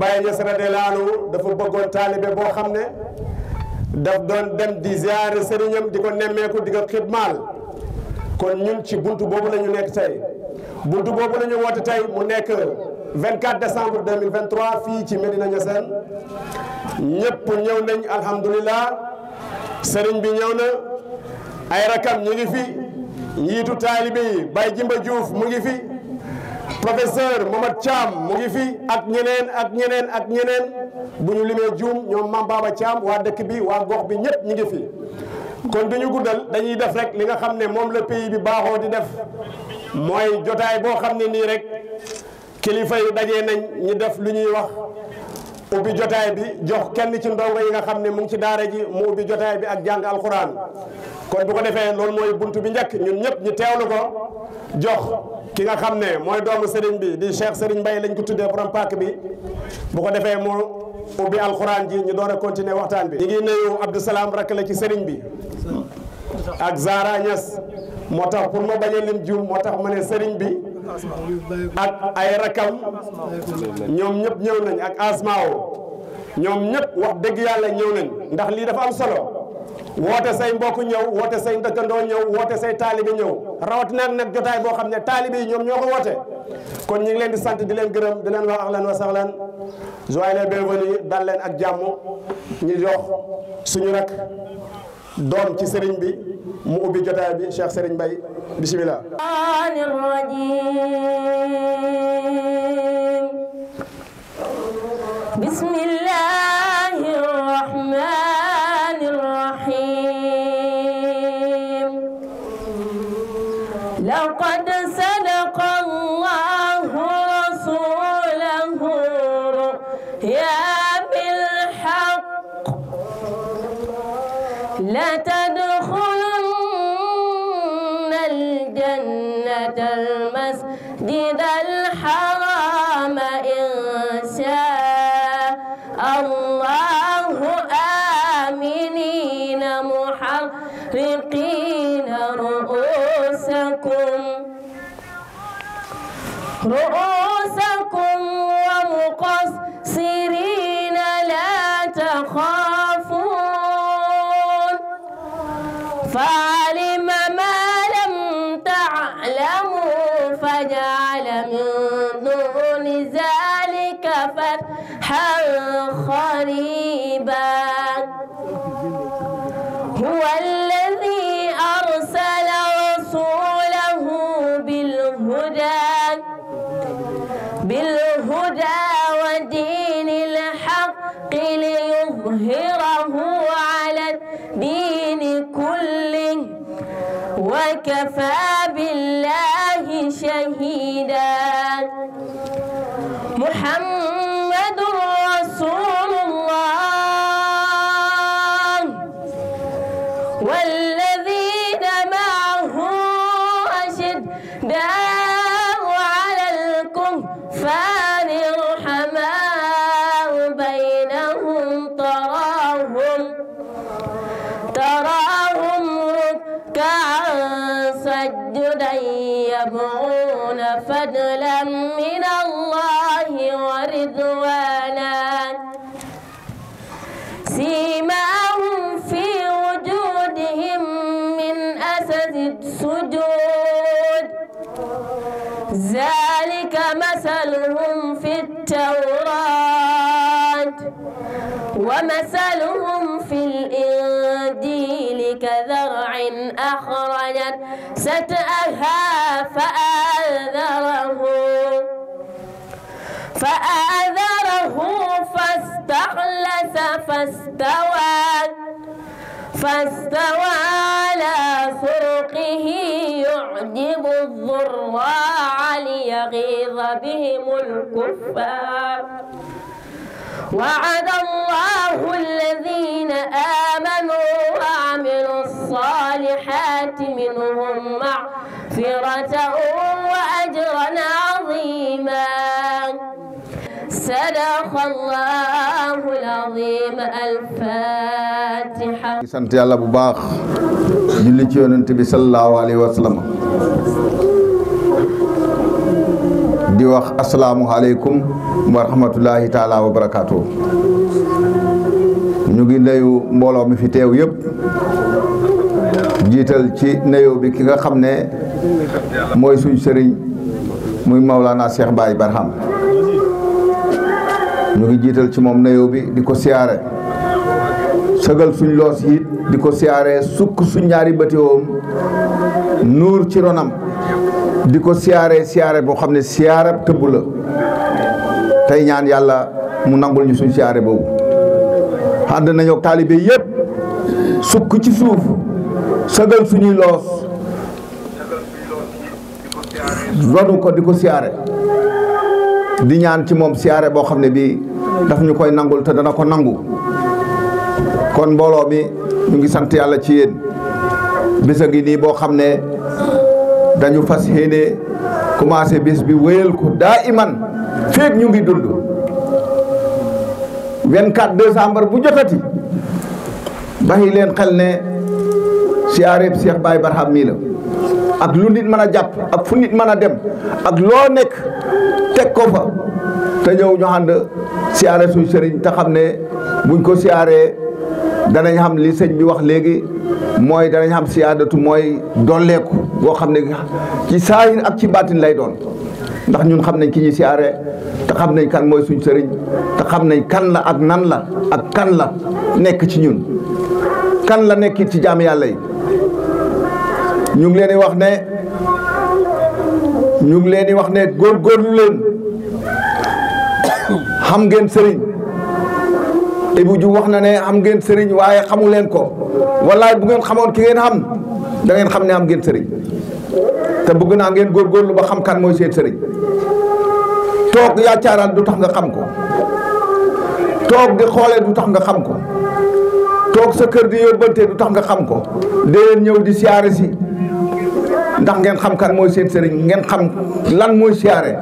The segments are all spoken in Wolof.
Baye Niass radiyallaahu anhu dafa bëggoon taalibe boo xam ne daf doon dem di ziare sëriñam di ko nemmeeku di ko xidmaal kon ñun ci bunt boobu la ñu nekk tey buntu boobu la ñu woote tey mu nekk 24 décembre 2023 fii ci Medina Niassène ñëpp ñëw nañ alhamdulilah sëriñ bi ñëw na ay rakam ñu ngi fi njiitu taalibe yi Baye Jimba Diouf mu ngi fi. professeur Momad Thiam mu ngi fi ak ñeneen ak ñeneen ak ñeneen bu ñu limee juum ñoom Mame Baba Thiam waa dëkk bi waa gox bi ñëpp ñu ngi fi. kon dañu ñu guddal dañuy def rek li nga xam ne moom la pays bi baaxoo di def mooy jotaay boo xam ne nii rek kilifa yu daje nañ ñi def lu ñuy wax ubbi jotaay bi jox kenn ci ndongo yi nga xam ne mu ngi ci daara ji mu ubbi jotaay bi ak jàng alxuraan. kon bu ko defee loolu mooy bunt bi njëkk ñun ñëpp ñu teewlu ko jox ki nga xam ne mooy doomu sëriñ bi di Cheikh Serigne Mbaye lañ ko tuddee borom paaka bi bu ko defee mu ubbi alxuraan ji ñu door a continuer waxtaan bi. ñu ngi nuyu Abdou Salam rakk la ci Serigne bi ak zaraañas moo tax pour ma bañ a lim juum moo tax ma ne Serigne bi ak ay rakam ñoom ñëpp ñëw nañ ak Asmao ñoom ñëpp wax dëgg yàlla ñëw nañ ndax lii dafa am solo. woote say mbokk ñëw woote say dëkkandoo ñëw woote say taalibe ñëw rawatina nag jotaay boo xam ne taalibe yi ñoom ñoo ko woote kon ñu leen di sant di leen gërëm di leen wax ahlan wa sahlan soyez les bienvenus dal leen ak jàmm ñu jox suñu nag doom ci sëriñ bi mu ubbi jotaay bi Cheikh Sëriñ Mbaye bismillah bismillah رؤوسكم رؤوسكم ومقصرين لا تخافون تراهم تراهم ركعا سجدا يبغون فضلا استخلص فاستوى فاستوى على سرقه يعجب الضراع ليغيظ بهم الكفار وعد الله الذين آمنوا وعملوا الصالحات منهم مغفرة sadaq allahu al-azim sant yàlla bu baax julli ci yonent bi sallallahu alayhi wa di wax asalaamu aleykum wa rahmatullahi wa barakaatu ñu ngi nuyu mbooloo mi fi teew yépp jiital ci nuyoo bi ki nga xam ne mooy suñ sëriñ muy Maulana seex Baye Barham ñu jiital ci moom nuyoo bi di ko siyaare sëgal suñ loos yi di ko siyaare sukk suñ ñaari bëtiwoom nuur ci ronam di ko siyaare siyaare boo xam ne siyaarab tëbb la tey ñaan yàlla mu nangul ñu suñ siyaare boobu ànd nañoo taalibe yépp sukk ci suuf sëgal suñuy loos ronu ko di ko siyaare di ñaan ci moom siyaare boo xam ne bii daf ñu koy nangul te dana ko nangu kon mbooloo mi ñu ngi sant yàlla ci yéen bis a ngi nii boo xam ne dañu fas yéene commencé bés bi wéyal ko daa iman feeg ñu ngi dund 24 décembre bu jotati bàyyi leen xel ne siyaareeb Cheikh Baye Barham mii la ak lu nit mën a jàpp ak fu nit mën a dem ak loo nekk teg ko fa te ñëw ñu ànd siyaare suñ sëriñ te xam ne buñ ko siyaaree danañ xam li sëñ bi wax léegi mooy danañ xam siyaadatu mooy dolleeku boo xam ne ci saayin ak ci baatin lay doon ndax ñun xam nañ ki ñuy siyaare te xam nañ kan mooy suñ sëriñ te xam nañ kan la ak nan la ak kan la nekk ci ñun kan la nekkit ci jaam yàlla yi ñu leen wax ne ñu ngi leen di wax ne góorgóorlu leen xam ngeen sëriñ Ibou Diouf wax na ne am ngeen sëriñ waaye xamu leen ko wallaay bu ngeen xamoon ki ngeen xam da xam ne am ngeen sëriñ te bëgg naa ngeen góor góorgóorlu ba xam kan mooy seen sëriñ toog yaacaaraan du tax nga xam ko toog di xoolee du tax nga xam ko toog sa kër di yóbbante du tax nga xam ko dee ñëw di siyaare si ndax ngeen xam kan mooy seen sëriñ ngeen xam lan mooy siyaare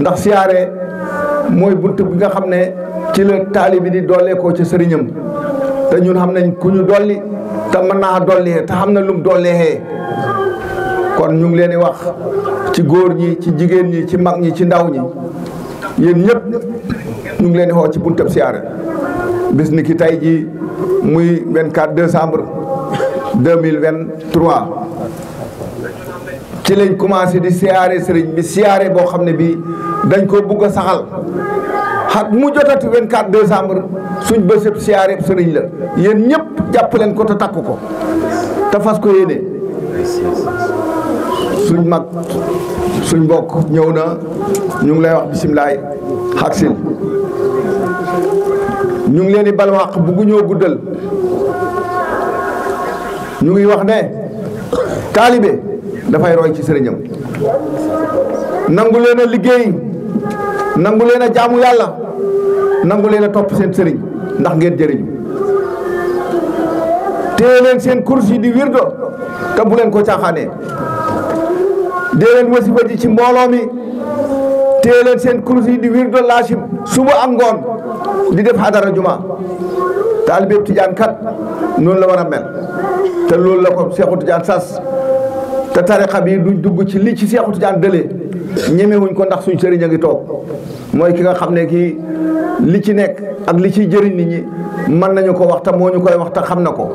ndax siyaare mooy bunt bi nga xam ne ci la taalibi di doolee ci sëriñam te ñun xam nañ ku ñu dolli ta mën naa dolli te xam na lum dollee kon ñu ngi leen di wax ci góor ñi ci jigéen ñi ci mag ñi ci ndaw ñi yéen ñëpp ñu ngi leen di ci buntab siyaare bis ni ki tey jii muy 24 décembre 2023 ci lañ commencé di siyaare sëriñ bi siyaare boo xam ne bii dañ ko bugg a saxal xat mu jotati 24 décembre suñ bësëb siyaare sëriñ la yéen ñëpp jàpp leen ko te takk ko te fas ko yéene suñ mag suñ mbokk ñëw na ñu ngi lay wax bisimilaay xak sil ñu ngi leen di bal wax bugg ñoo guddal ñu ngi wax ne taalibe dafay roy ci sëriñam nangu leen a liggéey nangu leen a jaamu yàlla nangu leen a topp seen sëriñ ndax ngeen jëriñ téye seen course yi di wirdo te bu leen ko caaxaanee dee leen wasifa ji ci mbooloo mi téye leen seen course yi di wirdo laachim suba ak ngoon di def hadara juma taalibe Tijaan kat noonu la war a mel loolu la ko Seexu Tijaan sas te tariqa bi duñ dugg ci li ci Seexu Tijaan dëlee ñemewuñ ko ndax suñ sëriñ a ngi toog mooy ki nga xam ne kii li ci nekk ak li ciy jëriñ nit ñi mën nañu ko wax te moo ñu koy wax te xam na ko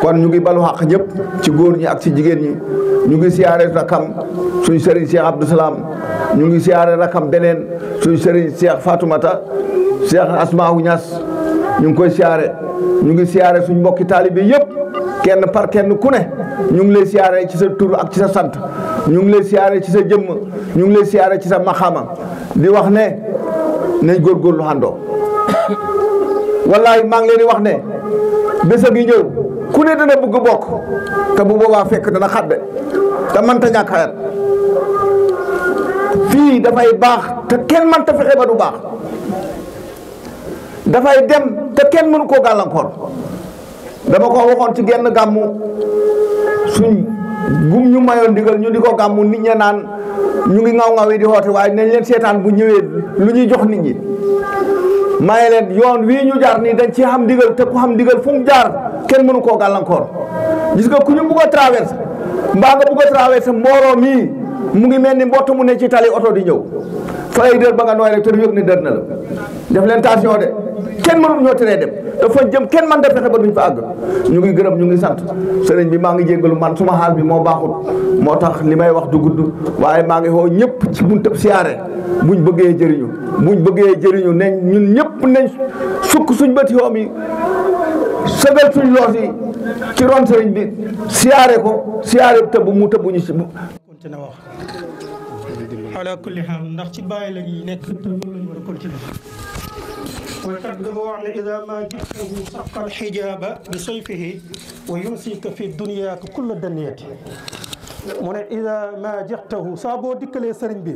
kon ñu ngi balu xaq ñëpp ci góor ñi ak ci jigéen ñi ñu ngi siyaare rakam suñ sëriñ Cheikh Abdou Salaam ñu ngi siyaare rakam beneen suñ sëriñ Cheikh Fatoumata Cheikh Asmaahu Ñas ñu ngi koy siyaare ñu ngi siyaare suñ mbokki taalibe yëpp kenn par kenn ku ne ñu ngi lay siaré ci sa tur ak ci sa sant ñu ngi lay siaré ci sa jëm ñu ngi lay siaré ci sa maxaama di wax ne nañ lu hando wallahi ma ngi leen di wax ne bëssa a ñëw ku ne dana bëgg bok ta bu boba fekk dana xadde man ta ñàkk xayat da fay baax te kenn ta fexé ba du baax fay dem te kenn mënu ko galankor dama ko waxoon ci genn gàmmu suñ gum ñu mayoon ndigal ñu di ko gàmmu nit ña naan ñu ngi ngaw ngaw yi di woote waaye nañ leen seetaan bu ñëwee lu ñuy jox nit ñi maye leen yoon wii ñu jaar nii dañ ci xam ndigal te ku xam ndigal fu jaar kenn mënu koo gàllankoor gis nga ku ñu bugg a traverse mbaa nga bugg traverse mbooloo mii mu ngi mel ni mbott mu ne ci tali oto di ñëw fa ay dër ba nga nooy rek te du yëg ne dër na la def leen tension de kenn mënul ñoo nee dem dafa jëm kenn man def fexe ba duñ fa àgg ñu ngi gërëm ñu ngi sant sëriñ bi maa ngi jéggalu man suma xaal bi moo baaxul moo tax li may wax du gudd waaye maa ngi xoo ñëpp ci buntëb siyaare buñ bëggee jëriñu buñ bëggee jëriñu ne ñun ñëpp nañ sukk suñ bët xoom yi sëgal suñ loos ci ron sëriñ bi siyaare ko siyaare tëbb mu tëbb ñu si ci na wax ala kulli xaal ndax ci bàyyi la te إذا ما جئته سق الحجاب بسيفه ويمسك في الدنيا كل دنيته من إذا ما جئته سابو ديكلي سرين بي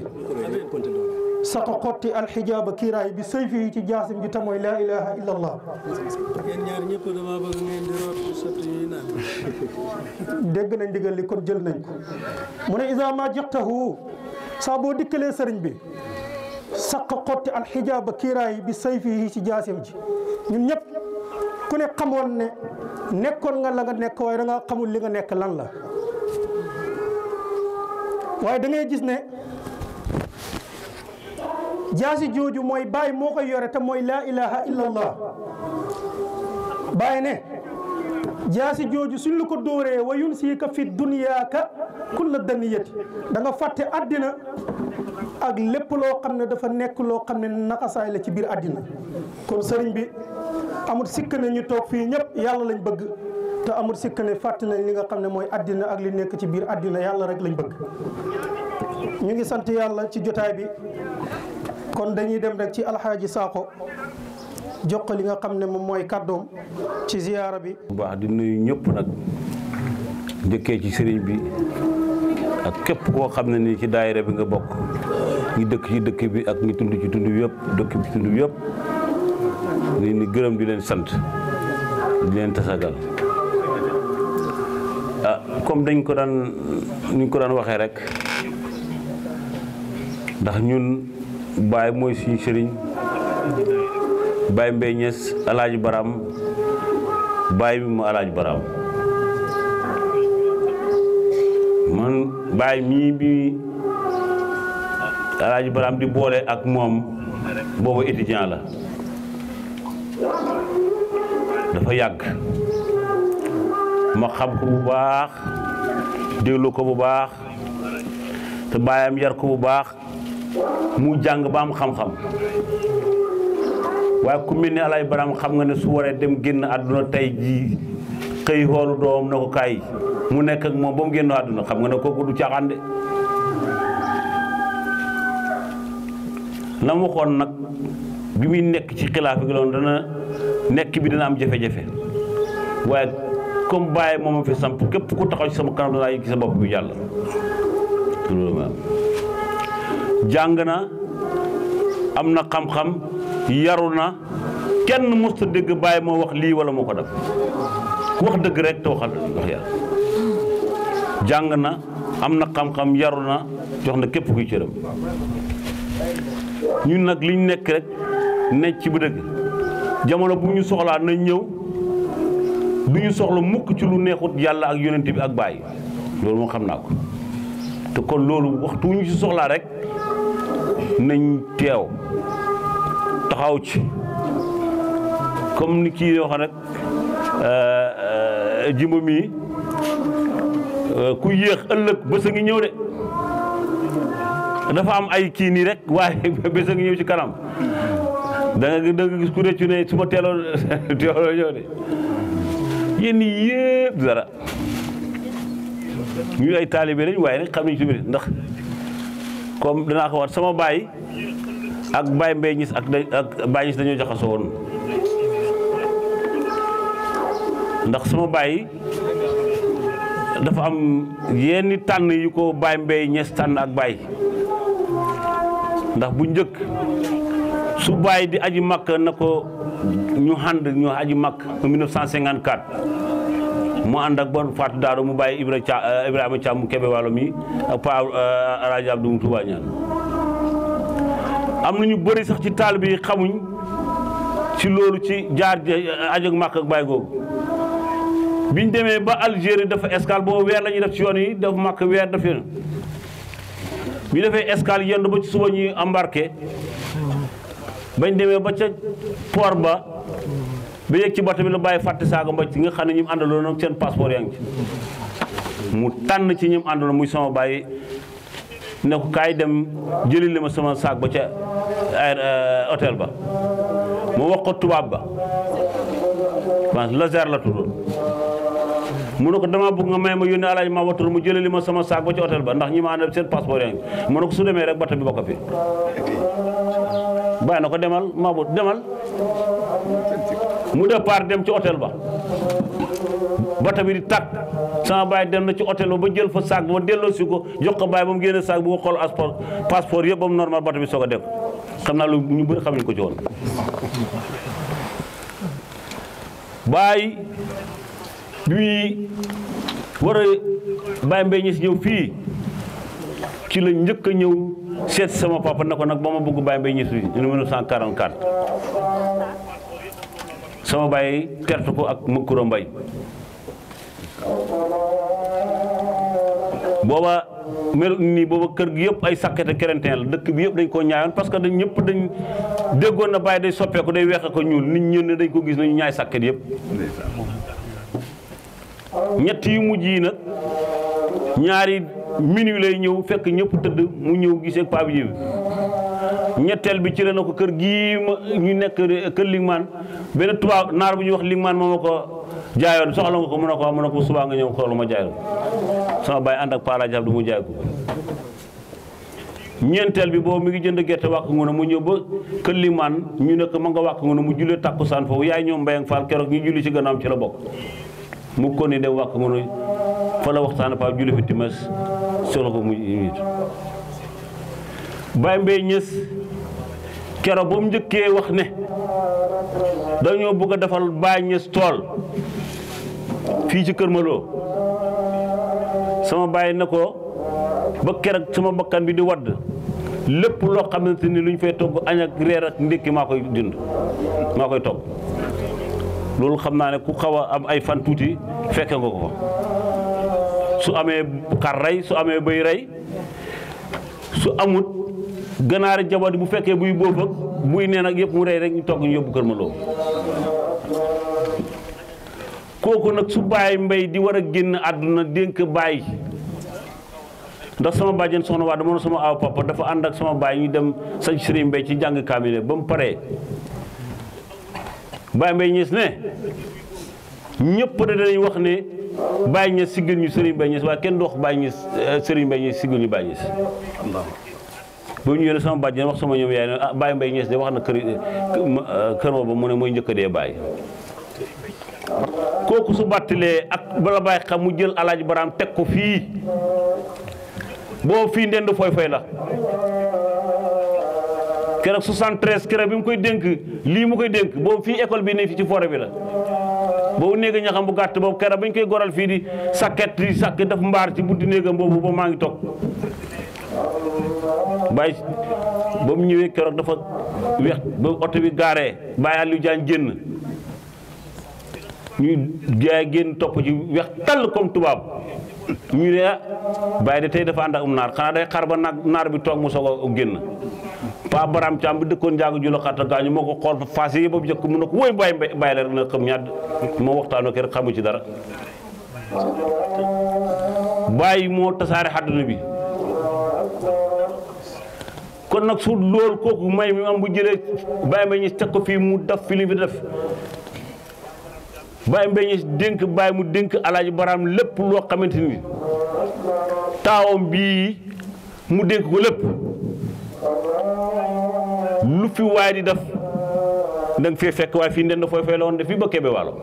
sa ko xotti alxijaaba kiiraay bi sayfi yi ci jaasim ji te mooy laa ilaha illa allah yéen ngeen di root nañ ndigal li kon jël nañ ko mu ne isa ma jiqtahu saa boo dikkalee sëriñ bi saq xotti alxijaaba kiiraay bi sayfi yi ci jaasim ji ñun ñëpp ku ne xamoon ne nekkoon nga la nga nekk waaye da nga xamul li nga nekk lan la waaye da ngay ne jaasi jooju mooy baay moo ko yore te mooy laa ilaha illallah baay ne jaasi jooju suñ la ko dóoree wa yunsika fi dunya ka kulla daniyati da danga fàtte àddina ak lépp loo xam ne dafa nekk loo xam ne naqasaay la ci biir àddina kon sëriñ bi amut sikk ne ñu toog fii ñëpp yàlla lañ bëgg te amut sikk ne fàtte nañ li nga xam ne mooy addina ak li nekk ci biir addina yàlla rek lañu bëgg ñu ngi sant yàlla ci jotaay bi kon dañuy dem rek ci alhaji sako jox li nga xamne mom moy mooy ci ziyara bi. baax di nuyu ñepp nak dekké ci serigne bi ak kep ko xamne ni ci daayira bi nga bok ñi dekk ci dekk bi ak ñi tundu ci tundu yépp dekk bi tundu yépp ni ni gërëm di leen sant di leen tassagal ah comme dañ ko daan ñu ko daan rek ndax ñun. Baye mooy suñu sëriñ Baye Mbaye Niass Alaaji Baraam Baye bi mu Alaaji Baraam man Baye mii bi Alaaji Baraam di boole ak moom boobu étudiant la dafa yàgg ma xam ko bu baax déglu ko bu baax te baayam yar ko bu baax mu jàng ba am xam-xam waaye ku mel ni Baraam xam nga ne su waree dem génn àdduna tey jii xëy xoolu doomam na ko kaay mu nekk moom ba mu génn àdduna xam nga ne kooku du caaxaan de la mu waxoon nag bi muy nekk ci xilaafa gi loolu dana nekk bi dana am jafe-jafe waaye comme bàyyi moom a fi samp képp ku taxaw ci sama kanam danaa yëg ci sa bopp bi yàlla jàng na am na xam-xam yaru na kenn musta dégg bàyyi moo wax lii wala moo ko def wax dëgg rek te waxal wax yàlla jàng na am na xam-xam yaru na jox na képp kuy cëram ñun nag liñ nekk rek nekk ci bu dëgg jamono bu ñu soxlaa nañ ñëw du ñu soxla mukk ci lu neexut yàlla ak yonent bi ak bàyyi loolu moo xam naa ko te kon loolu waxtu ñu ci soxlaa rek nañ teew taxaw ci comme ni kii wax rek jimba mii ku yéex ëllëg bés a ngi ñëw de dafa am ay kii nii rek waaye bés a ngi ñëw ci kanam da nga da gis ku réccu ne su ma teeloon teeloo ñëw de yéen yëpp dara ñu ay taalibe lañ waaye nag xam nañ su ndax comme danaa ko wax sama baay ak baay mbay ñis ak ak baay ñis dañoo jaxasoo woon ndax sama baay dafa am yenn tànn yu ko baay mbay ñees tànn ak baay ndax bu njëkk su baay di aji màkk na ko ñu ànd ñu aji màkk mu 1954 mu ànd ak bon Fatou Daaro mu bàyyi Ibra Ca euh, Ibrahima Thiam Kébé Walo mi ak Pa euh, Alaaji mu Tuubaa ñaan am na ñu bëri sax ci taalibe yi xamuñ ci loolu ci jaar aj euh, ak màkk ak bàyyi googu biñ demee ba Algérie dafa escale boobu weer la ñuy def ci yoon yi daf makk weer daf yoon bi defee escale yendu ba ci suba ñuy embarqué bañ demee ba ca port ba ba yegg ci bato bi la bàyyi fàtte saaga mbaj nga xam ñim ñi mu àndaloon seen passeport yaa ci mu tan ci ñim mu muy sama baye ne ko kay dem jëlil lima sama ba ca air hotel euh, ba mu wax ko tubaab ba la Lazare la tuddoon mu ne ko dama bëgg nga may ma yoni alay ma watul mu lima sama ba ca hotel ba ndax ñima andal seen passeport yaa mu ne ko su rek bokk fi na ko demal demal mu départ dem ci hôtel ba bata bi di tàkk sama baay dem na ci hôtel ba ba jël fa saag ba delloosi ko jox ko baay ba mu génnee saag bu ko xool passeport passeport yëpp ba mu normal bata bi soog a dem xam naa lu ñu bëri xam nañu ko ci woon baay war a baay mbay ñi si ñëw fii ci la njëkk ñëw seet sama papa na ko nag ba ma bëgg baay mbay ñi si 1944 sama bàyyi tertu ko ak Makura Mbay booba melu nii booba kër gi yëpp ay sakkete kerenteen la dëkk bi yëpp dañ koo ñaayoon parce que dañ ñëpp dañ déggoon na bàyyi day soppeeku day weexe ko ñuul nit ñun ne dañ ko gis nañu ñaay sàkket yëpp ñett yu mujj yi nag ñaari minuit lay ñëw fekk ñëpp tëdd mu ñëw gisee paab yi ñettel bi ci la ko kër gi ñu nek kër Lingman ben tuba nar bu ñu wax Lingman moo ma jaayoon soxla nga ko mu ne ko mu ko nga ñew ko luma jaay sama bay and ak paala jaab du mu jaay ko ñentel bi bo mi ngi jënd gerte wàkk ngu ne mu ñëw ba kër Lingman ñu nek ma nga wàkk ngu ne mu jullé takusan fo yaay ñoom ak fal keroog ñu julli ci gënaam ci la bok mu ko ni dem wàkk ngu fa la waxtaan pa julli fi timas solo ko mu Baye Mbaye Niass kero bu mu njëkkee wax ne dañu bëgg a defal Baye tol fi ci Kër sama bàyyi nako, ko ba sama bakkan bi di wad lepp lo xamanteni luñ fay togg añ ak rër ak ndik maa koy jënd togg xamna ku xawa am ay fan tuuti fekke nga ko su amé kar ray su amé bay ray su amut ganaari jaboot bu fekke buy boof ak muy neen ak yep mu rey rek ñu tok ñu yobbu keur ma lo koku nak su baye mbey di war a génn àdduna dénk bàyyi ndax sama bàjjen soxna waa dama sama aw papa dafa and ak sama baye ñu dem sañ sëri mbey ci jang kamilé bam paré baye mbey ñiss ne ñepp da dañ wax ne baye ñi siggal ñu sëri mbey ñiss wa kenn du wax bàyyi ñees euh, sëriñ mbay ñees siggal ñu ñiss allah ba ñu yore sama bàjjen wax sama ñoom yaay na ah Baye Mbaye Niass de wax na kër kër mo ba mu ne moy ñëk dee Baye koku su battilé ak bala Baye xam mu jël alaaj baram tek ko fi bo fi ndend foy foy la kër 73 kër bi mu koy dénk li mu koy dénk bo fi école bi ne fi ci foré bi la bo neega ñaxam bu gatt bo kër bañ koy goral fi di saket di sàkk daf mbaar ci bunti néegam boobu ba maangi tok bay ba mu ñëwee dafa weex ba oto bi gaaree bàyyi Aliou Diagne génn ñu jaay génn topp ci weex tàll comme tubaab ñu ne ah, bàyyi de tey dafa ànd ak um naar day xar ba naar bi toog mu soog a baram caam bi dëkkoon njaago jula xatta gaañu yi mu mu ne ko la na xam rek xamu ci dara bi kon nag su loolu kooku may mi am bu jëlee bàyyi ma ñu teg ko fii mu def fi fi def bàyyi ma ñu dénk bàyyi mu dénk alaaj baraam lépp loo xamante ni taawam bii mu dénk ko lépp lu fi waay di def da fee fekk waaye fii ndend fooy fay la woon de fii ba Kébé Waalo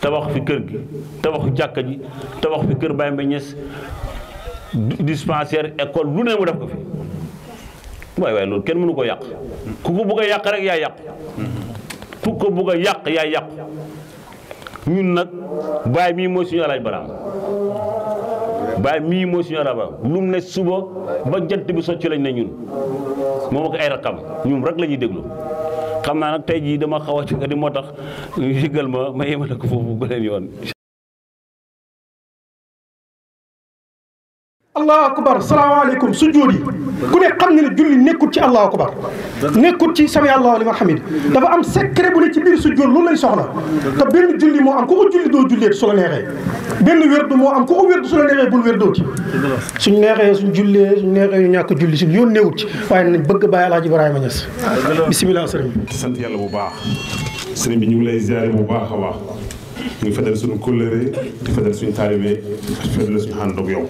tabax fi kër gi tabax jàkka ji tabax fi kër Baye Mbaye Niass dispensaire école lu ne mu def ko fi waaye waaye loolu kenn mënu ko yàq ku ko bëgg yàq rek yaa yàq ku ko bëgg a yàq yaa yàq ñun nag baay mii mooy suñu alaaj baraam baay mii mooy suñu alaaj baraam lu mu ne suba ba jant bi socc lañ ne ñun moom ak ay rakam ñun rek la ñuy déglu xam naa nag tey jii dama xaw a ci di moo tax yëgal ma ma yemale ko foofu bu leen yoon allahu akbar salaamaaleykum sujjóot yi ku ne xam nga ne julli nekkut ci allahu akbar nekkut ci sami allahu liman hamid dafa am secret bu ne ci biir sujjóot loolu lañ soxla te benn julli moo am ku ko julli doo julleet su la neexee benn wérdu moo am ku ko wérdu su la neexee bul wérdooti suñ neexee suñ jullee suñ neexee ñu ñàkk julli si yoon néewut ci waaye nañ bëgg bàyyi alaaji ibrahima ñes bisimilah sëriñ bi sant yàlla bu baax sëriñ bi ñu ngi lay ziare bu baax a baax muy fëtal suñu kóllëre di fëtal suñu taalibe di suñu ànd ak yow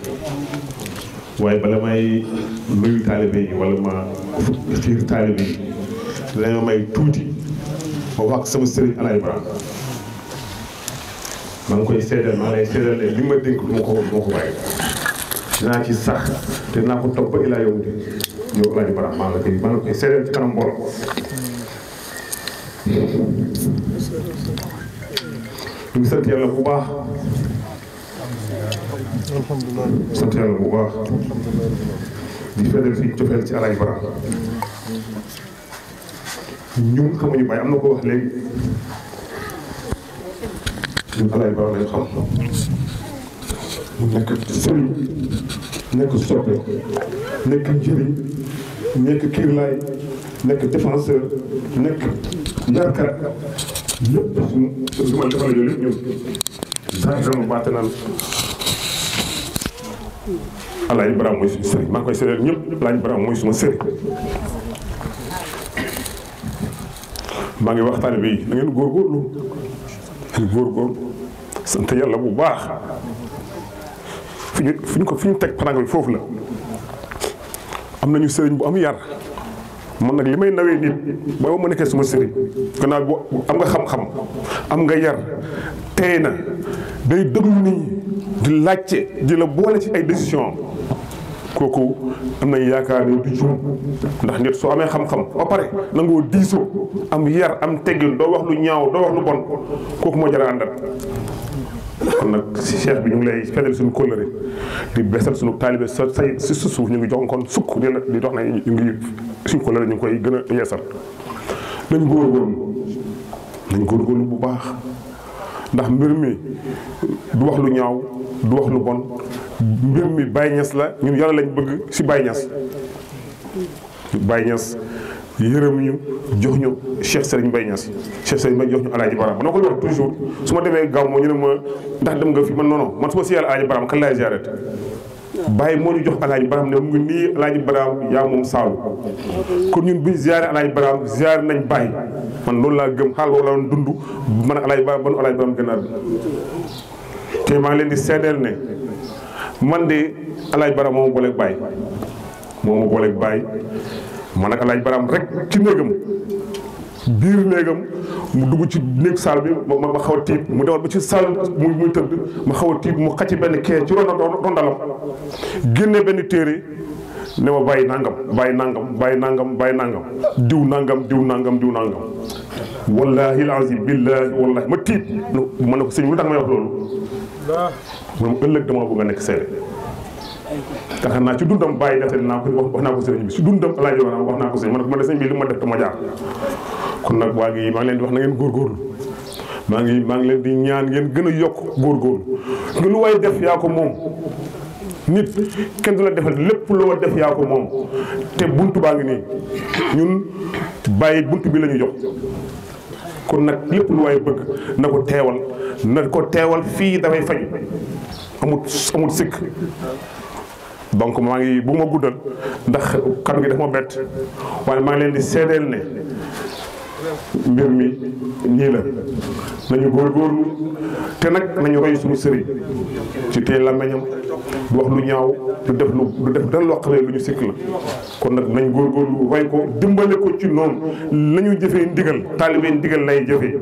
waaye bala may nuyu taalibe yi wala ma fiir taalibe yi dinañu may tuuti ma wax sama sëriñ Alaay Ibrahima maa ngi koy seedeel ma dénk ko du ma ko bàyyi dinaa ci sax te dinaa koy maa ci kanam mbooloo ñu ngi sant yàlla bu baax. sant yàlla bu baax. di fële fii jofeel ci Alaaji Bara. ñun xamuñu Baye am na ko wax léegi. ñun Alaaji Bara lañ xam. nekk sëriñ nekk soppe nekk njëriñ nekk kiirlaay nekk défenseur nekk yarkat. lépp ma defalee loolu lépp ñun Ibrahima baat naan Alaaji Ibrahima maa koy sëriñ ñëpp bi da ngeen sant yàlla bu baax fi ñu fi ñu teg parang bi foofu la am nañu sëriñ bu am yar man nag li may nawee nit mooy ma nekkee suma sëriñ gannaaw bu am nga xam-xam am nga yar tey na day déglu nit ñi di laajte di la boole ci ay décision kooku am na yaakaar ne du jum ndax nit soo amee xam-xam ba pare nangoo diisoo am yar am teggin doo wax lu ñaaw doo wax lu bon kooku moo jar a àndal kon nag cheikh bi ñu ngi lay fedal suñu kóllëre di besal suñu taalibe sa say su suuf ñu ngi jox kon sukk di la di dox na ñu ngi suñu kóllëre ñu ngi koy gën a yeesal nañ góorgóorlu nañ góorgóorlu bu baax ndax mbir mi du wax lu ñaaw du wax lu bon mbir mi Baye Niass la ñu yàlla lañ bëgg si Baye Niass Baye Niass yërëm ñu jox ñu Cheikh Serigne Mbaye Niass Cheikh Serigne Mbaye jox ñu Alaaji Baram man ma koy wax toujours su ma demee gàmmu ñu ne ma ndax dem nga fi man non non man su ma siyal Alaaji Baram kan laay ziaret bàyyi moo ñu jox Alaaji Baram ne mu ngi nii Alaaji Baram yaa moom saalu kon ñun bu ñu ziare Alaaji Baram ziare nañ bàyyi man loolu laa gëm xaal boobu laa doon dund man Alaaji Baram ban Alaaji Baram gën a te maa ngi leen di seedeel ne man de Alaaji Baram moo ma booleeg bàyyi moo ma booleeg bàyyi man ak alaaj baraam rek ci néegam biir néegam mu dugg ci néeg saal bi ma ma xaw tiit mu demal ba ci saal muy muy tëdd ma xaw a tiit mu xacc benn kee ci ronda rondalam génne benn téere ne ma bàyyi nangam bàyyi nangam bàyyi nangam bàyyi nangam diw nangam diw nangam diw nangam wallahi alazim billahi wallahi ma tiit ma ne ko sëñ lu tax may wax loolu mu ne ma ëllëg dama bëgg a nekk seede taxar naa ci dundam bàyyi nettali naa ko wax sëriñ bi si dundam laa jox naa wax naa ko sëriñ man ma ne bi li ma def te ma kon nag waa ngi maa ngi leen di wax na ngeen góorgóorlu maa ngi maa ngi leen di ñaan ngeen gën a yokk góorgóorlu nga lu waay def yaa ko moom nit kenn du la defal lépp loo def yaa ko moom te buntu baa ngi nii ñun bàyyi bunt bi lañu ñu jox kon nag lépp lu waay bëgg na ko teewal na ko teewal fii dafay faj amut amut sikk donc maa ngi bu ma guddal ndax kàddu gi dafa ma bett waaye maa ngi leen di seedeel ne mbir mi nii la nañu góorgóorlu te nag nañu roy suñu sëriñ ci tey làmmeñam du wax lu ñaaw du def lu du def dara loo lu ñu sikk la kon nag nañ góorgóorlu roy ko dimbale ko ci noonu nañu jëfee ndigal taalibe ndigal lay jëfee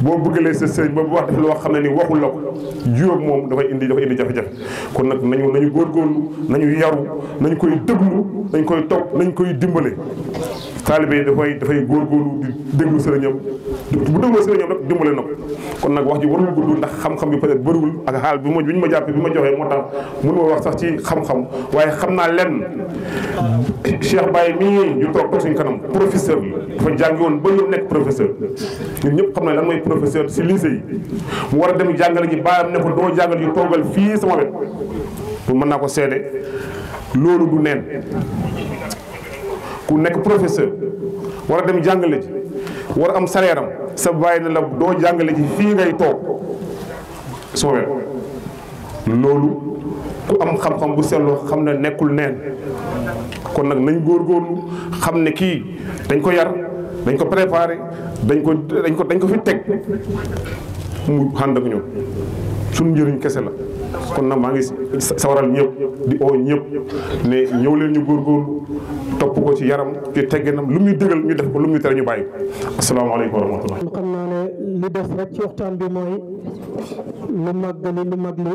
boo bëggalee sa sëriñ ba bu wax def loo xam ne ni waxul la ko jiyóob moom dafay indi dafay indi jafe-jafe kon nag nañu nañu góorgóorlu nañu yaru nañ koy déglu nañ koy topp nañ koy dimbale taalibe yi dafay dafay góorgóorlu di déglu sëriñam bu dégloo sëriñam rek dimbale na ko kon nag wax ji warul gudd ndax xam-xam bi peut-être bëriwul ak xaal bi ma bi ñu ma jàppee bi ma joxee moo tax mënu ma wax sax ci xam-xam waaye xam naa lenn Cheikh Baye mii ñu toog toog suñu kanam professeur bi dafa jàngi woon ba ñu nekk professeur professeur si lycée yi mu war a dem jàngale ji baayam ne ko doo jàngale ji toogal fii sama wet pour mën naa ko seede loolu du neen ku nekk professeur war a dem jàngale ji war a am salaire am sa bàyyi na la doo jàngale ji fii ngay toog sama wet loolu ku am xam-xam bu seetlu xam ne nekkul neen kon nag nañ góor góorgóorlu xam ne kii dañ ko yar dañ ko préparé dañ ko dañ ko dañ ko fi teg mu ànd ak ñun suñu njëriñ kese la kon nag maa ngi sawaral ñëpp di oo ñëpp ne ñëw leen ñu góorgóorlu topp ko ci yaram ci tegginam lu muy dëgal ñu def ko lu muy tere ñu bàyyi ko asalaamaaleykum wa rahmatullah xam naa ne li des rek ci waxtaan bi mooy lu mag li lu mag li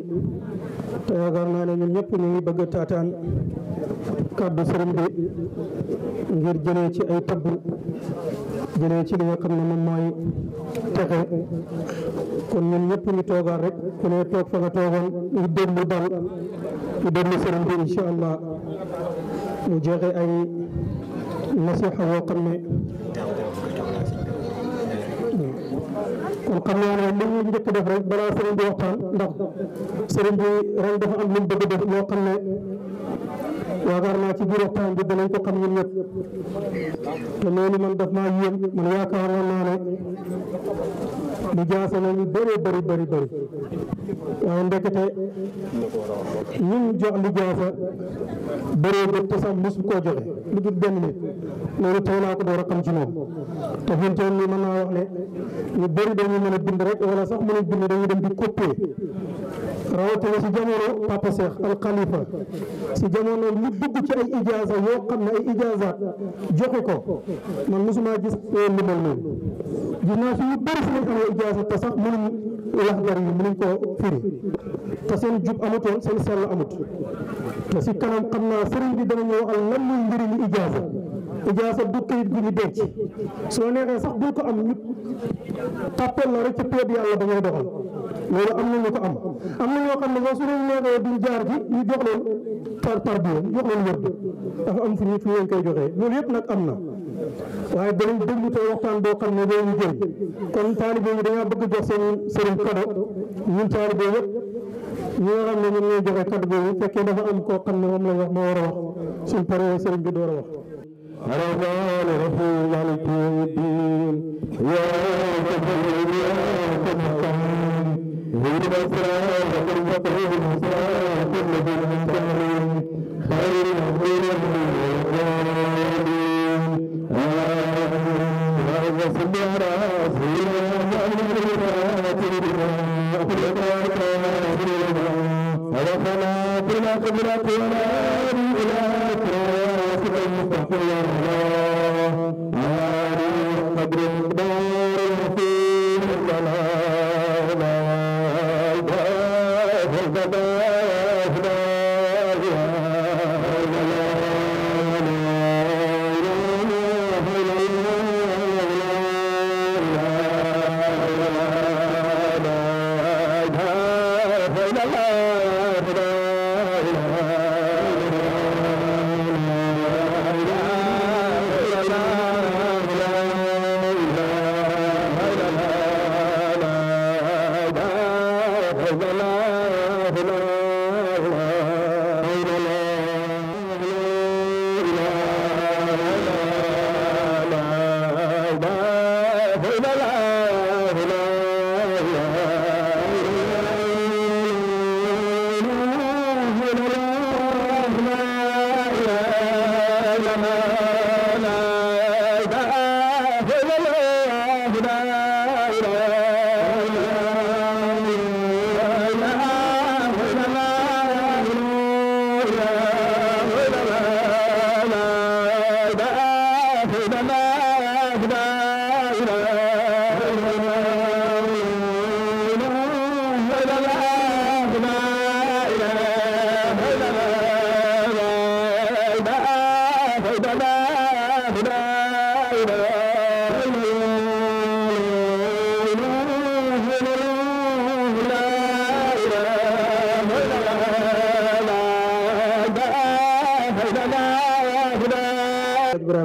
te yaakaar naa ne ñun ñëpp ñu ngi bëgg a taataan kàddu sëriñ bi ngir jëlee ci ay tabb jëlee ci li nga xam ne moom mooy texe kon ñun ñëpp ñu rek ku ne toog fa nga toogoon ñu déglu dal ñu déglu sëriñ bi incha allah mu joxe ay nasiha woo xam ne kon xam naa ne li ñu njëkk rek balaa sëriñ waxtaan ndax sëriñ bi dafa am mu bëgg def loo xam ne yaakaar naa ci biir waxtaan bi danañ ko xam ñun ñëpp te loolu man daf maa yéem man yaakaaroon naa ne li jaase nañu bëree bëri bëri bëri waaye ndekete ñun jox li jaasa bëree bëri te sax mosu koo joxe lu dul benn nit loolu tey laa ko door a xam ci moom te ne ñu bëri dañu mën a bind rek wala sax mën bind dañu dem di copier rawatina si jamono Papa Cheikh si jamono li dugg ci ay ijaaza yoo xam ne ay ijaaza joxe ko man mosuma gis eh, lu mel noonu gis naa fi yu bëri si lañ amee ijaaza te sax mënuñ wax jar yi mënuñ koo firi te seen jub amutoon seen sell amut te si kanam xam naa sëriñ bi danañu waxal lan muy njëriñu ijaaza ijaaza du kayit gu ñu denc soo neexee sax bul ko am ñu tàppal la rek ci péeb yàlla da ngay doxal loolu am na ñu ko am am na ñoo xam ne boo su leen neexee jaar ci ñu jox leen par par bi jox am fu ñu fu ngeen koy joxee loolu yëpp nag am na waaye danañ déglu tey waxtaan doo xam ne doo ñu jël kon taalibe yi dañaa bëgg jox seen sëriñ kado ñun taalibe yëpp ñi nga xam ne ñun ñooy joxe kado boobu fekkee dafa am koo xam ne moom la wax moo war a wax غير مسرع وقل فقره مسرع وقل لدن مسرعين خير مغير مغيرين هذا سبحانه سيرا ربنا بلا قدرة ولا بلا قدرة المستقيم الله نار قدر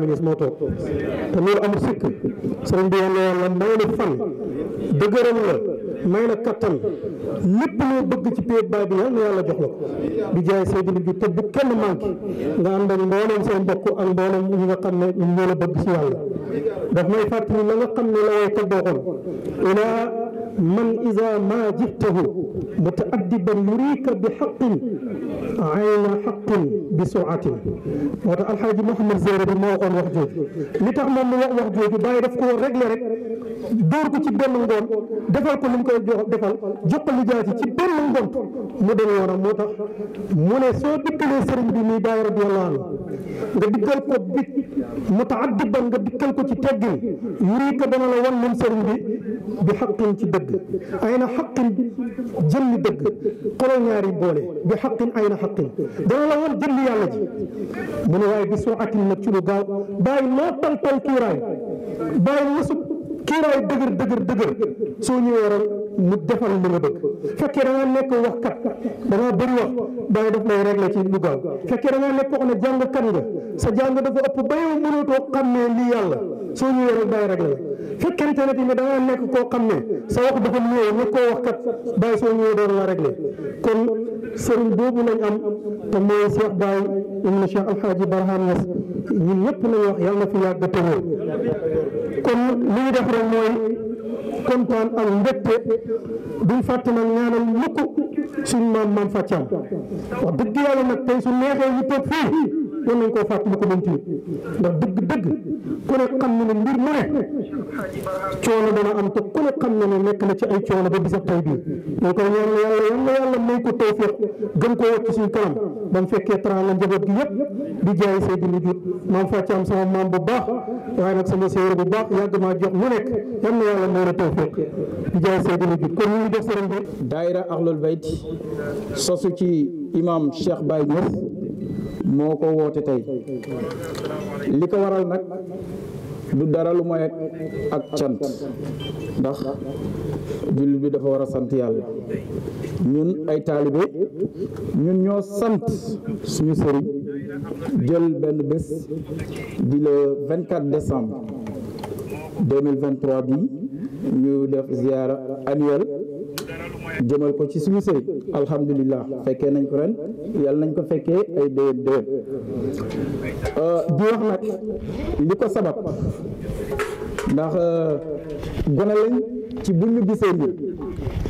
ministre moo toog te loolu amul sikk sëriñ bi yàlla yàlla may na fan dëgëral la may na kattan lépp loo bëgg ci péet baay bi yàlla yàlla jox la ko di jaay Seydina bi te bu kenn manqué nga ànd ak mbooleem seen mbokk ak mbooleem ñi nga xam ne ñoo la bëgg ci yàlla daf may fàttali la nga xam ne la way tëddoo xoon man isa ma jiftahu mutaaddiban yurika bi xaqin عين حق بسرعه موتا الحاج محمد زيرو مو خون واخ جوج لي تخ مام مو واخ جوج باي داف ريغلي ريك دور سي بن ندون ديفال كو لوم كو ديفال جوكل لي جاتي سي بن ندون مو دي نونا موتا مو ني سو ديبلي سيرن بي مي باي رضي الله nga dikkal ko bit mutaaddiban nga dikkal ko ci teggin yurii ko dana la wan moom sëriñ bi bi xaqin ci dëgg ay na xaqin jëmmi dëgg xoolal ñaari boole bi xaqin ay na dana la wan jëmmi yàlla ji mu ne waaye bi soo atin nag ci lu gaaw bàyyi noo tal tal kiiraay dëgër dëgër dëgër soo ñëwee rek mu defal li nga bëgg fekkee da nga nekk wax kat da nga bëri wax danga def lay régler ci lu gaaw fekkee da nekk wax ne jàng kat nga sa jàng dafa ëpp ba yow mënatoo xam ne lii yàlla soo ñëwee rek day régler la fekkente ne tamit da nga nekk koo xam ne sa wax dafa ñëwee nga koo wax kat bàyyi kon sëriñ boobu lañ am te mooy Cheikh Baye ibn Cheikh Alhaaji ñun ñëpp nañu wax na fi yàgg te wér kon li ñu def rek mooy kontaan ak mbégte duñ fàtte nag ñaanal mukk suñu maam maam Fathia wax dëgg yàlla nag tey su neexee ñu fii war nañ koo fàttali ko doon tiit ndax dëgg dëgg ku ne xam ne mbir mu ne coono dana am te ku xam na ne nekk na ci ay coono ba bisa tay bii donc kon yàlla yàlla ko tawfiq gën koo fekkee teraanga njaboot gi yëpp di jaay say dindi jut am sama maam bu baax waaye nag sama séeréer bu baax yàgg maa jox lu nekk yal na yàlla may la tawfiq di jaay say dindi jut kon ñu ngi def sa ren daayira Ahlul Bayt sosu ci imam Cheikh Baye Niass moo ko woote tey li ko waral nag du dara lu mooy ak cant ndax jullit bi dafa war a sant yàlla ñun ay taalibe ñun ñoo sant suñu sëriñ jël benn bés di le 24 décembre 2023 bi ñu def ziyaara annuelle jëmal ko ci suñu sëriñ alhamdulilah fekkee nañ ko ren yàlla nañ ko fekkee ay déwén déwén euh, di wax nag li ko sabab ndax euh, gone lañ ci bu ñu gisee nii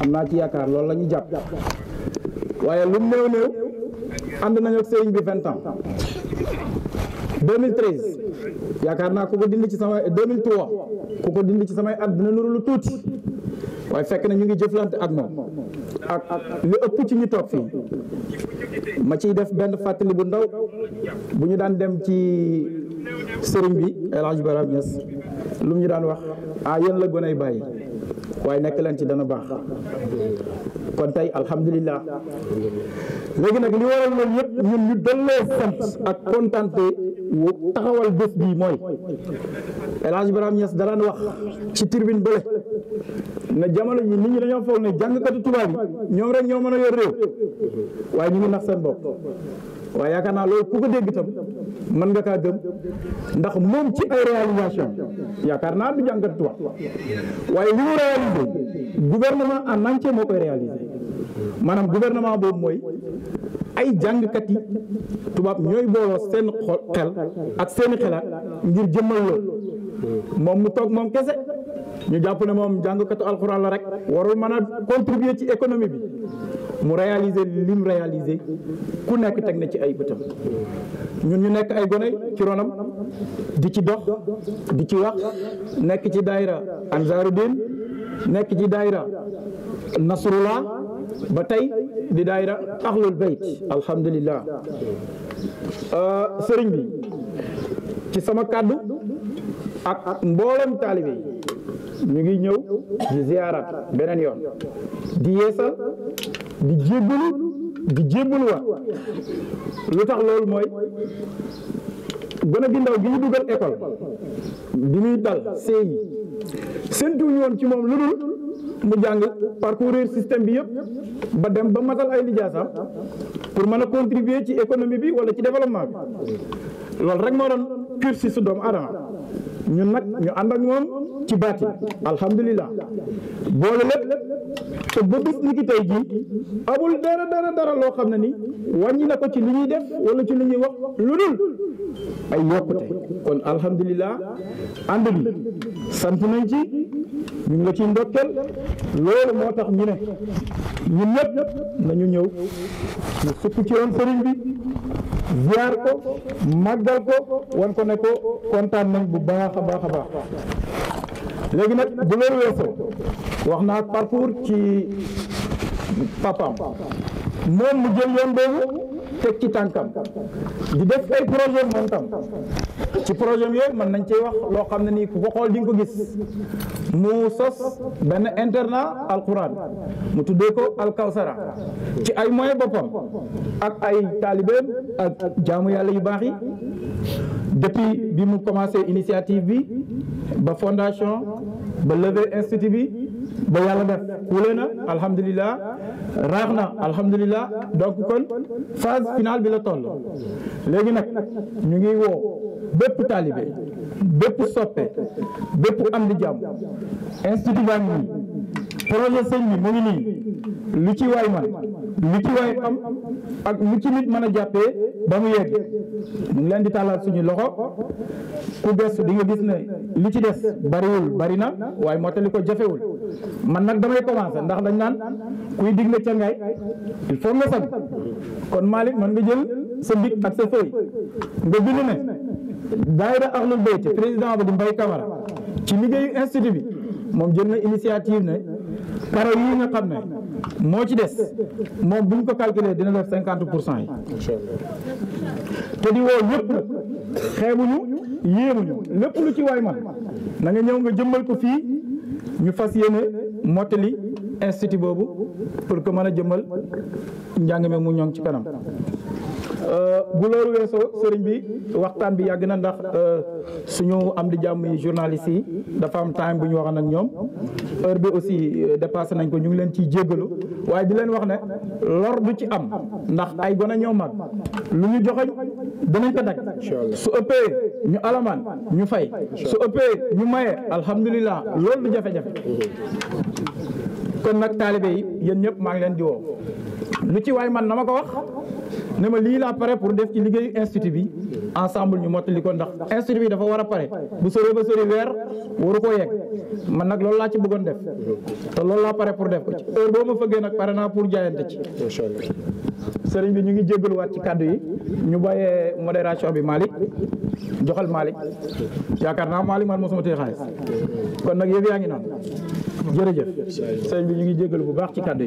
am naa ci yaakaar loolu la ñu jàpp waaye lu néew néew ànd nañu ak sëriñ bi vingt ans 2013 yaakaar naa ko ko dindi ci samay 2003 ku ko dindi ci samay at dina nuru lu tuuti waaye fekk na ñu ngi jëflante ak moom ak li ëpp ci ñu toog fii ma ciy def benn fàttali bu ndaw bu ñu daan dem ci sëriñ bi El Hadj Barham lu mu ñu daan wax ah yéen la gën ay bàyyi waaye nekk leen ci dana baax kon tey alhamdulilah léegi nag li waral loolu yëpp ñu delloo sant ak kontante wu taxawal bés bii mooy El Hadj Barham Niass daan wax ci tirbine bële na jamono ji nit ñi dañoo foog ne jàngkatu tubaab yi ñoom rek ñoo mën a yor réew waaye ñu ngi nax seen bopp waaye yaakaar naa loolu ku ko dégg itam mën nga kaa gëm ndax moom ci ay réalisation yaakaar naa du jàngkatu tubaab waaye li mu réalisé gouvernement en entier moo koy réalisé maanaam gouvernement boobu mooy ay jàngkat yi tubaab ñooy booloo seen xel ak seen xelaat ngir jëmmal loolu moom mu toog moom kese ñu jàpp ne moom jàngkatu alxuraan la rek warul mën a contribuer ci économie bi mu réaliser lim réaliser ku nekk teg na ci ay bëtam ñun ñu nekk ay gone ci ronam di ci dox di ci wax nekk ci daayira Ansaarudin nekk ci daayira Nasrullah ba tey di daayira Ahlul Bayt alhamdulillah euh, sëriñ bi ci sama kàddu ak mboolem taalibe yi ñu ngi ñew di ziarat benen yoon di yeesal di jébbalu di jébbalu wa lu tax loolu mooy gone ndaw gi ñu duggal école bi ñuy dal seey sentu yoon ci mom mu jang parcourir système bi yëpp ba dem ba matal ay lijaasa pour mëna contribuer ci économie bi wala ci développement bi lool rek mo doon cursus doom adama ñun nag ñu ànd ak ci baati alhamdulilah boole lépp te ba bis ni ki tey jii amul dara dara loo xam ne ni wàññi na ko ci li ñuy def wala ci li ñuy wax lu dul ay yokkute kon alhamdulilah ànd bi sant nañ ci ñu nga ci ciy ndokkeel loolu moo tax ñu ne ñun ñëpp nañu ñëw ñu sukk ci yoon sëriñ bi ziar ko màggal ko wan ko ne kontaan nañ bu baax a baax a baax léegi nag bu loolu weesoo wax naa parcours ci papaam moom mu jël yoon boobu teg ci tànkam di def ay projet moom tam ci projet yooyu mën nañ cee wax loo xam ne nii ku ko xool di nga ko gis mu sos benn internat alquran mu tuddee ko alkawsara ci ay moyen boppam ak ay taalibeem ak jaamu yàlla yu baax yi depuis bi mu commencé initiative bi ba fondation ba levée institut bi ba yàlla def wule na alhamdulilah raaf na alhamdulilah donc kon phase finale bi la toll léegi nag ñu ngi woo bépp taalibe bépp soppe bépp am di jàmm institut baa ngi projet sëñ bi mu ngi nii lu ci waay man lu ci waay am ak lu ci nit mën a jàppee ba mu yegg ñu ngi leen di tàllaat suñu loxo ku des di nga gis ne li ci des bariwul bari na waaye mottali ko jafewul man nag damay commencé ndax dañ naan kuy dig na cangaay il faut nga sant kon Malick man nga jël sa bit ak sa feuille nga bind ne daayira Ahlul Bayt président ba di mbay Camara ci liggéeyu institut bi moom jël na initiative ne karo yi nga xam ne moo ci des moom buñ ko calculer dina def cinquante pour cent yi te di woo ñëpp nag xeebuñu yéemuñu lépp lu ci waay man na ñëw nga jëmbal ko fii ñu fas yéene mottali institut boobu pour que mën a jëmmal njàng mi mu ñoŋ ci kanam euh, bu loolu weesoo sëriñ bi waxtaan bi yàgg na ndax euh, suñu am di jàmm yi journaliste yi dafa am time bu ñu waxoon nag ñoom heure bi aussi euh, dépassé nañ ko ñu ngi leen ciy jéggalu waaye di leen wax ne lor du ci am ndax ay gone ñoo mag lu ñu joxoñ danañ ko daj su ëppee ñu alaman ñu fay su ëppee ñu maye alhamdullilah loolu jafé jafé mm-hmm. kon nak talibé yi yéen ñëpp ngi leen di wo lu ci waay man na ma ko wax ne ma lii laa pare pour def ci liggéeyu institut bi ensemble ñu mottali ko ndax institut bi dafa war a pare bu sore ba sori weer waru koo yegg man nag loolu laa ci bëggoon def te loolu laa pare pour def ko ci heure boo ma fëggee nag pare naa pour jaayante ci sëriñ bi ñu ngi jégaluwaat ci kàddu yi ñu bàyyee modération bi Malick joxal Malick yaakaar naa Malick man mosuma téye kon nag yëf yaa ngi noonu jërëjëf sëriñ bi ñu ngi jégalu bu baax ci kàddu yi